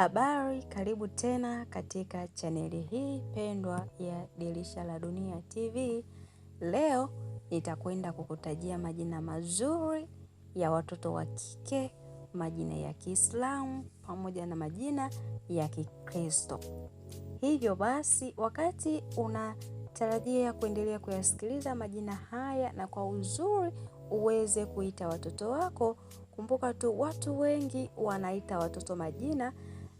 Habari, karibu tena katika chaneli hii pendwa ya Dirisha la Dunia TV. Leo nitakwenda kukutajia majina mazuri ya watoto wa kike, majina ya Kiislamu pamoja na majina ya Kikristo. Hivyo basi, wakati unatarajia kuendelea kuyasikiliza majina haya na kwa uzuri uweze kuita watoto wako, kumbuka tu watu wengi wanaita watoto majina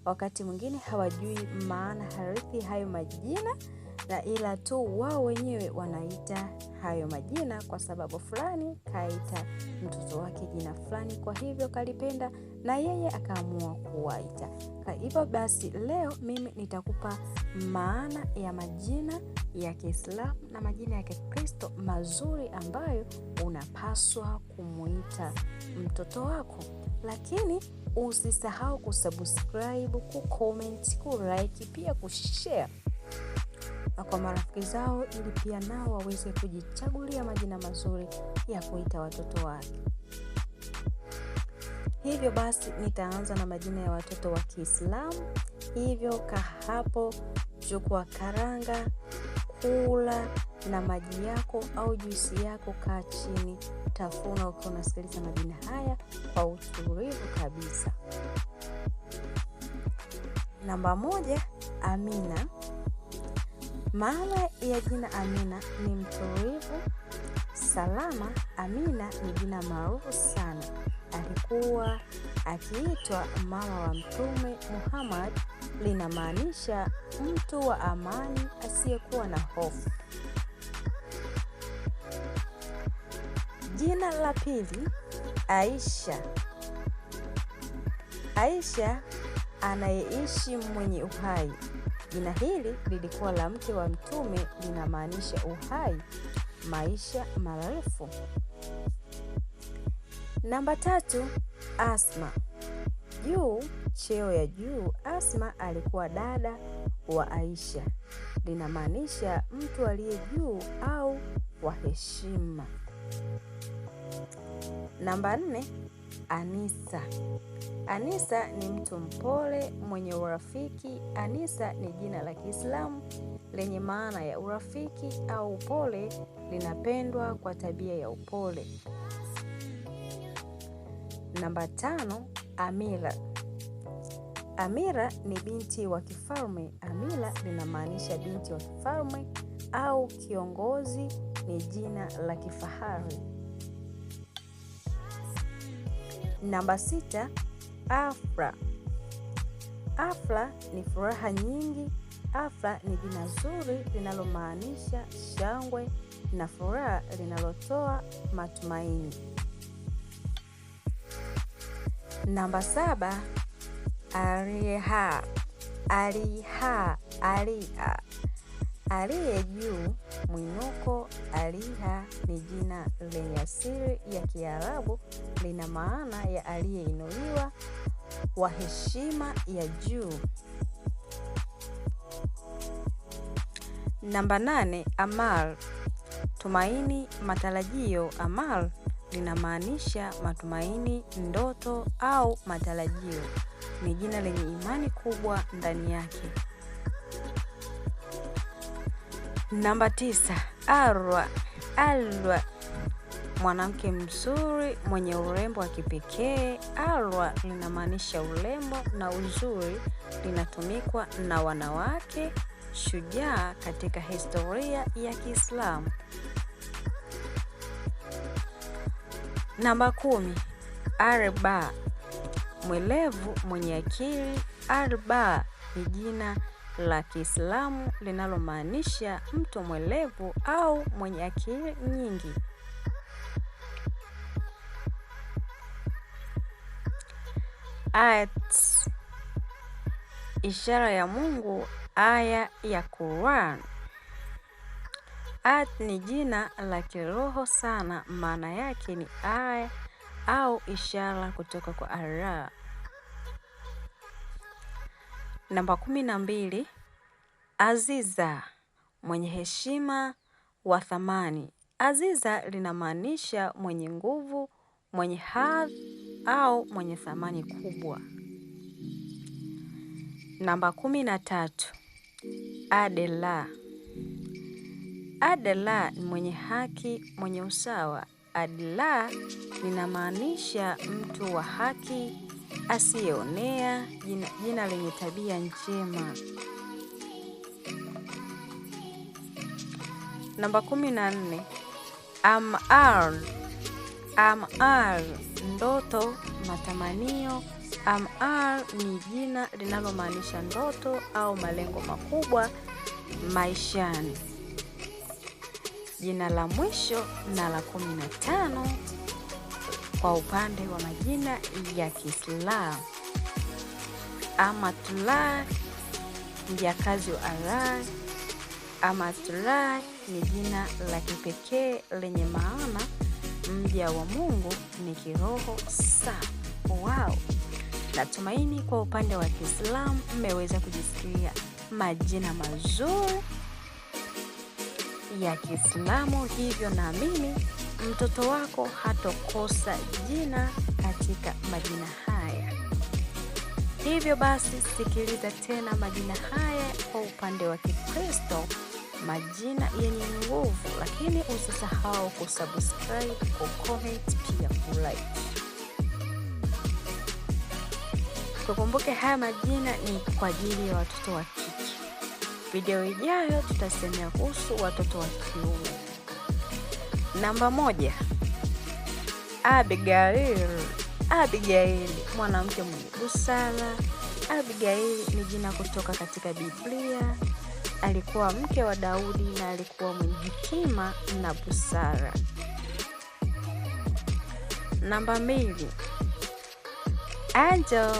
wakati mwingine hawajui maana harithi hayo majina na ila tu wao wenyewe wanaita hayo majina kwa sababu fulani kaita mtoto wake jina fulani, kwa hivyo kalipenda na yeye akaamua kuwaita. Hivyo basi, leo mimi nitakupa maana ya majina ya Kiislamu na majina ya Kikristo mazuri ambayo unapaswa kumuita mtoto wako lakini usisahau kusubscribe, kucomment, kulike pia kushare na kwa marafiki zao, ili pia nao waweze kujichagulia majina mazuri ya kuita watoto wake. Hivyo basi nitaanza na majina ya watoto wa Kiislamu. Hivyo kahapo, chukua karanga kula na maji yako au juisi yako, kaa chini, tafuna ukiwa unasikiliza majina haya kwa utulivu kabisa. Namba moja, Amina. Maana ya jina Amina ni mtulivu, salama. Amina ni jina maarufu sana, alikuwa akiitwa mama wa Mtume Muhammad linamaanisha mtu wa amani asiyekuwa na hofu. Jina la pili, Aisha. Aisha anayeishi mwenye uhai. Jina hili lilikuwa la mke wa Mtume, linamaanisha uhai, maisha marefu. Namba tatu, Asma juu cheo ya juu Asma alikuwa dada wa Aisha, linamaanisha mtu aliye juu au wa heshima. Namba nne, Anisa. Anisa ni mtu mpole mwenye urafiki. Anisa ni jina la Kiislamu lenye maana ya urafiki au upole, linapendwa kwa tabia ya upole. Namba tano, Amira. Amira ni binti wa kifalme. Amira linamaanisha binti wa kifalme au kiongozi, ni jina la kifahari. Namba sita, Afra. Afra ni furaha nyingi. Afra ni jina zuri linalomaanisha shangwe na furaha linalotoa matumaini. Namba saba, aliha aliha aliha aliye juu mwinuko. Aliha ni jina lenye asili ya Kiarabu, lina maana ya aliyeinuliwa, wa heshima ya juu. Namba nane, amal tumaini, matarajio. Amal linamaanisha matumaini, ndoto au matarajio ni jina lenye imani kubwa ndani yake. Namba tisa, Arwa. Arwa, mwanamke mzuri mwenye urembo wa kipekee. Arwa linamaanisha urembo na uzuri, linatumikwa na wanawake shujaa katika historia ya Kiislamu. Namba kumi, Arba. Mwelevu mwenye akili. Arba ni jina la Kiislamu linalomaanisha mtu mwelevu au mwenye akili nyingi. at ishara ya Mungu, aya ya Qur'an. at ni jina la kiroho sana, maana yake ni aya au ishara kutoka kwa Allah. Namba kumi na mbili, Aziza, mwenye heshima wa thamani. Aziza linamaanisha mwenye nguvu, mwenye hadhi au mwenye thamani kubwa. Namba kumi na tatu, Adela. Adela ni mwenye haki, mwenye usawa Adla linamaanisha mtu wa haki, asiyeonea, jina, jina lenye tabia njema. Namba kumi na nne amar, amar ndoto, matamanio. Amar ni jina linalomaanisha ndoto au malengo makubwa maishani jina la mwisho na la kumi na tano kwa upande wa majina ya Kiislamu. Amatullah, mjakazi wa Allah. Amatullah ni jina la kipekee lenye maana mja wa Mungu ni kiroho saa Wow. Natumaini kwa upande wa Kiislamu mmeweza kujisikia majina mazuri ya Kiislamu, hivyo mimi mtoto wako hatokosa jina katika majina haya. Hivyo basi, sikiliza tena majina haya kwa upande wa Kikristo, majina yenye nguvu, lakini usisahau kusubscribe, kucomment pia kulike. Tukumbuke haya majina ni kwa ajili ya watoto wa Video ijayo tutasemea kuhusu watoto wa kiume. Namba moja, Abigail. Abigail, mwanamke mwenye busara. Abigail ni jina kutoka katika Biblia. Alikuwa mke wa Daudi na alikuwa mwenye hekima na busara. Namba mbili, Angel.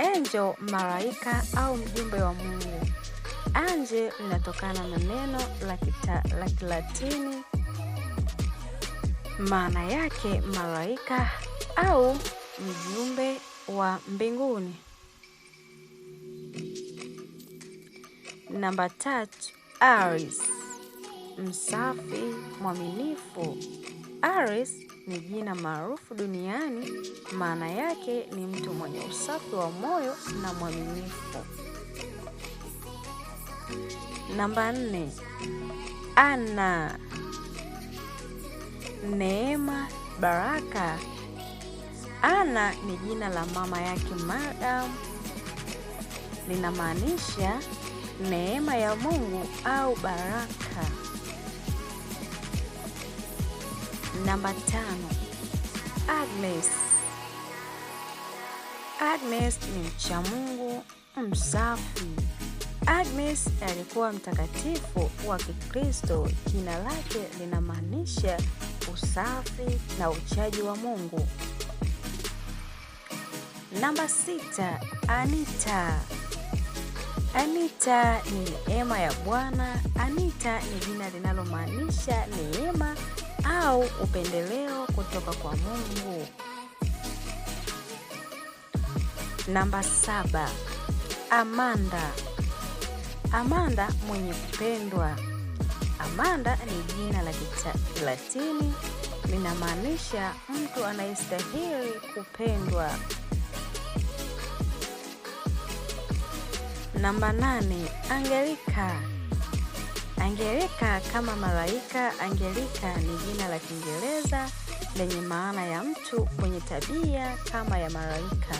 Angel, malaika au mjumbe wa Mungu. Angel linatokana na neno la Kilatini, maana yake malaika au mjumbe wa mbinguni. Namba tatu, aris msafi, mwaminifu. aris ni jina maarufu duniani. Maana yake ni mtu mwenye usafi wa moyo na mwaminifu. Namba nne, Ana. Neema Baraka. Ana ni jina la mama yake Madam, linamaanisha neema ya Mungu au baraka. Namba tano, Agnes. Agnes ni mcha Mungu msafi. Agnes alikuwa mtakatifu wa Kikristo. Jina lake linamaanisha usafi na uchaji wa Mungu. Namba sita, Anita. Anita ni neema ya Bwana. Anita ni jina linalomaanisha neema au upendeleo kutoka kwa Mungu. Namba saba, Amanda. Amanda mwenye kupendwa. Amanda ni jina la Kilatini linamaanisha mtu anayestahili kupendwa. Namba nane, Angelika. Angelika kama malaika. Angelika ni jina la Kiingereza lenye maana ya mtu mwenye tabia kama ya malaika.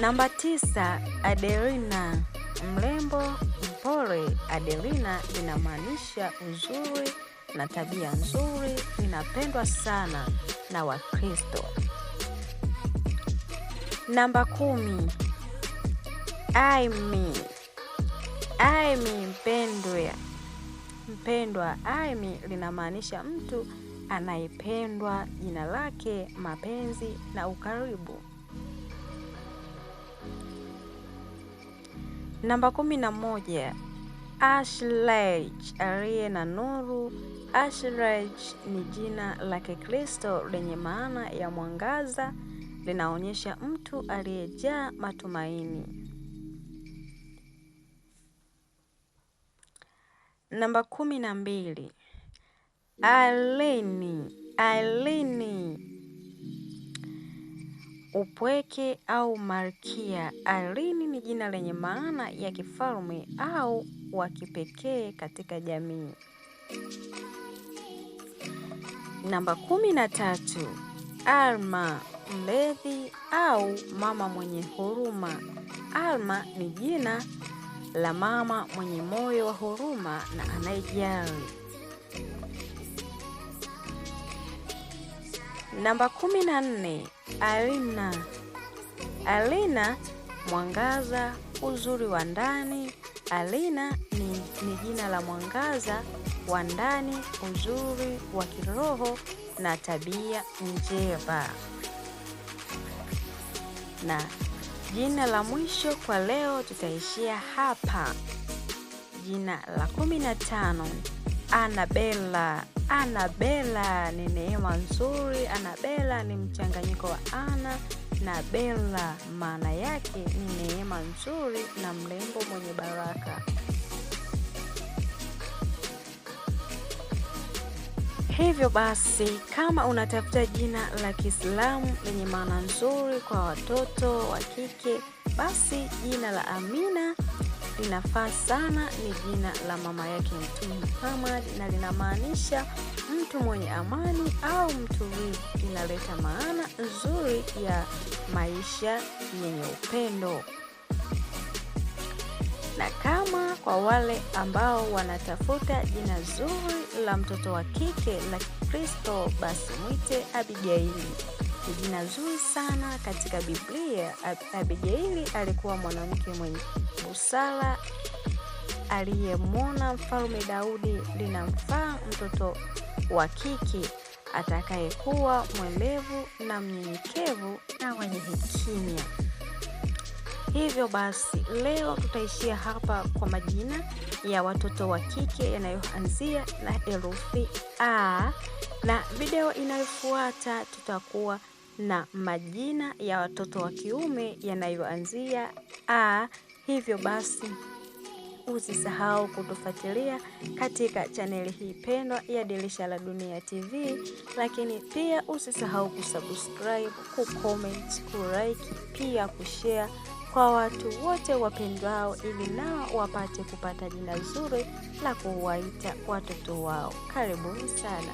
Namba tisa, Adelina, mrembo, mpole. Adelina inamaanisha uzuri na tabia nzuri, inapendwa sana na Wakristo. Namba kumi, Aimee Ai mpendwa. Mpendwa aimi linamaanisha mtu anayependwa, jina lake, mapenzi na ukaribu. Namba kumi na moja Ashleigh, aliye na nuru. Ashleigh ni jina la Kikristo lenye maana ya mwangaza, linaonyesha mtu aliyejaa matumaini. Namba kumi na mbili aleni, aleni. Upweke au malkia. Alini ni jina lenye maana ya kifalme au wa kipekee katika jamii. Namba kumi na tatu Alma, mlezi au mama mwenye huruma. Alma ni jina la mama mwenye moyo wa huruma na anayejali. Namba kumi na nne, Alina. Alina, mwangaza, uzuri wa ndani. Alina ni, ni jina la mwangaza wa ndani, uzuri wa kiroho na tabia njema na Jina la mwisho kwa leo tutaishia hapa. Jina la kumi na tano Anabela. Anabela ni neema nzuri. Anabela ni mchanganyiko wa Ana na Bela, maana yake ni neema nzuri na mrembo mwenye baraka. Hivyo basi kama unatafuta jina la Kiislamu lenye maana nzuri kwa watoto wa kike, basi jina la Amina linafaa sana. Ni jina la mama yake Mtume Muhammad na linamaanisha mtu mwenye amani au mtulivu. Inaleta maana nzuri ya maisha yenye upendo na kama kwa wale ambao wanatafuta jina zuri la mtoto wa kike la Kikristo, basi mwite Abigaili. Ni jina zuri sana katika Biblia. Abigaili alikuwa mwanamke mwenye busara aliyemwona mfalme Daudi, linamfaa mtoto wa kike atakayekuwa mwelevu na mnyenyekevu na mwenye hekimia Hivyo basi leo tutaishia hapa kwa majina ya watoto wa kike yanayoanzia na herufi A, na video inayofuata tutakuwa na majina ya watoto wa kiume yanayoanzia A. Hivyo basi usisahau kutufuatilia katika chaneli hii pendwa ya Dirisha la Dunia TV, lakini pia usisahau kusubscribe, kucomment, kulike, pia kushare kwa watu wote wapendwao, ili nao wapate kupata jina zuri la kuwaita watoto wao. Karibuni sana.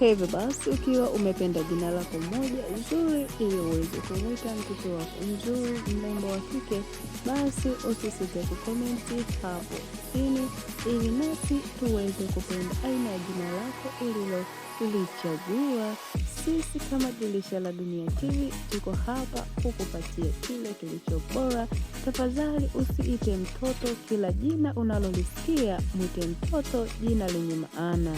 Hivyo basi ukiwa umependa jina lako moja zuri ili uweze kumwita mtoto wako mzuri mrembo wa kike, basi usisite kukomenti hapo chini ili nasi tuweze kupenda aina ya jina lako ililo lichagua sisi. Kama Dirisha la Dunia TV tuko hapa kukupatia kile kilicho bora. Tafadhali usiite mtoto kila jina unalolisikia, mwite mtoto jina lenye maana.